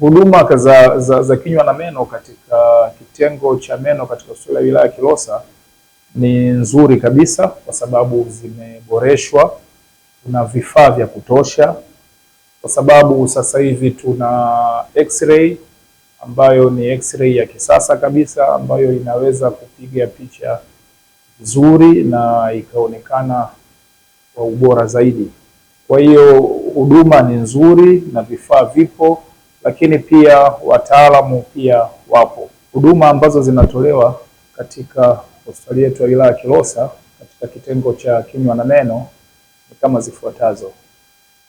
huduma za, za, za kinywa na meno katika kitengo cha meno katika hospitali ya wilaya Kilosa ni nzuri kabisa kwa sababu zimeboreshwa, kuna vifaa vya kutosha, kwa sababu sasa hivi tuna x-ray ambayo ni x-ray ya kisasa kabisa ambayo inaweza kupiga picha vizuri na ikaonekana kwa ubora zaidi. Kwa hiyo huduma ni nzuri na vifaa vipo lakini pia wataalamu pia wapo. Huduma ambazo zinatolewa katika hospitali yetu ya wilaya ya Kilosa katika kitengo cha kinywa na meno ni kama zifuatazo: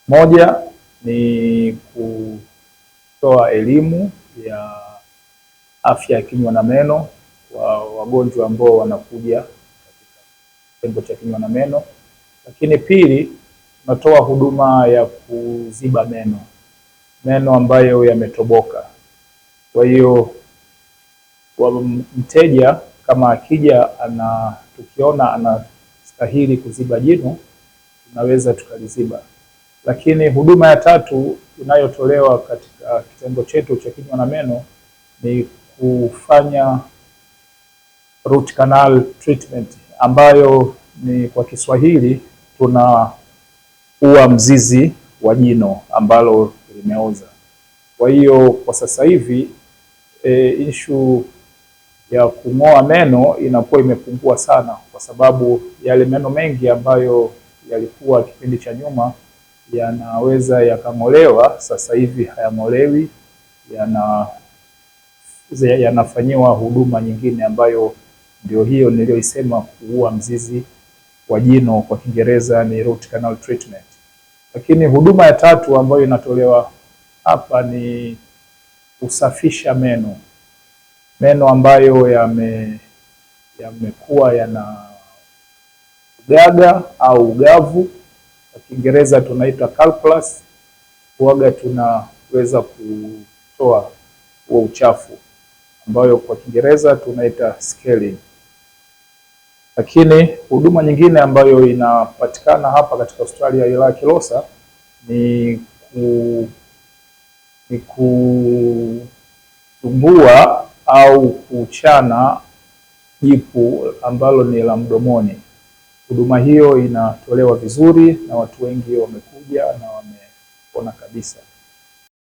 moja ni kutoa elimu ya afya ya kinywa na meno kwa wagonjwa ambao wanakuja katika kitengo cha kinywa na meno, lakini pili, tunatoa huduma ya kuziba meno meno ambayo yametoboka. Kwa hiyo mteja kama akija ana tukiona anastahili kuziba jino tunaweza tukaliziba. Lakini huduma ya tatu inayotolewa katika kitengo chetu cha kinywa na meno ni kufanya root canal treatment ambayo ni kwa Kiswahili tunaua mzizi wa jino ambalo imeoza. Kwa hiyo kwa sasa hivi e, ishu ya kung'oa meno inakuwa imepungua sana, kwa sababu yale meno mengi ambayo yalikuwa kipindi cha nyuma yanaweza yakang'olewa, sasa hivi hayang'olewi, yana yanafanyiwa huduma nyingine ambayo ndio hiyo niliyoisema, kuua mzizi wa jino, kwa Kiingereza ni root canal treatment. Lakini huduma ya tatu ambayo inatolewa hapa ni kusafisha meno, meno ambayo yame yamekuwa yana ugaga au ugavu, kwa Kiingereza tunaita calculus, kuaga tunaweza kutoa huo uchafu ambayo kwa Kiingereza tunaita scaling. Lakini huduma nyingine ambayo inapatikana hapa katika hospitali ya wilaya Kilosa ni ku ni kutumbua au kuchana jipu ambalo ni la mdomoni. Huduma hiyo inatolewa vizuri na watu wengi wamekuja na wameona kabisa.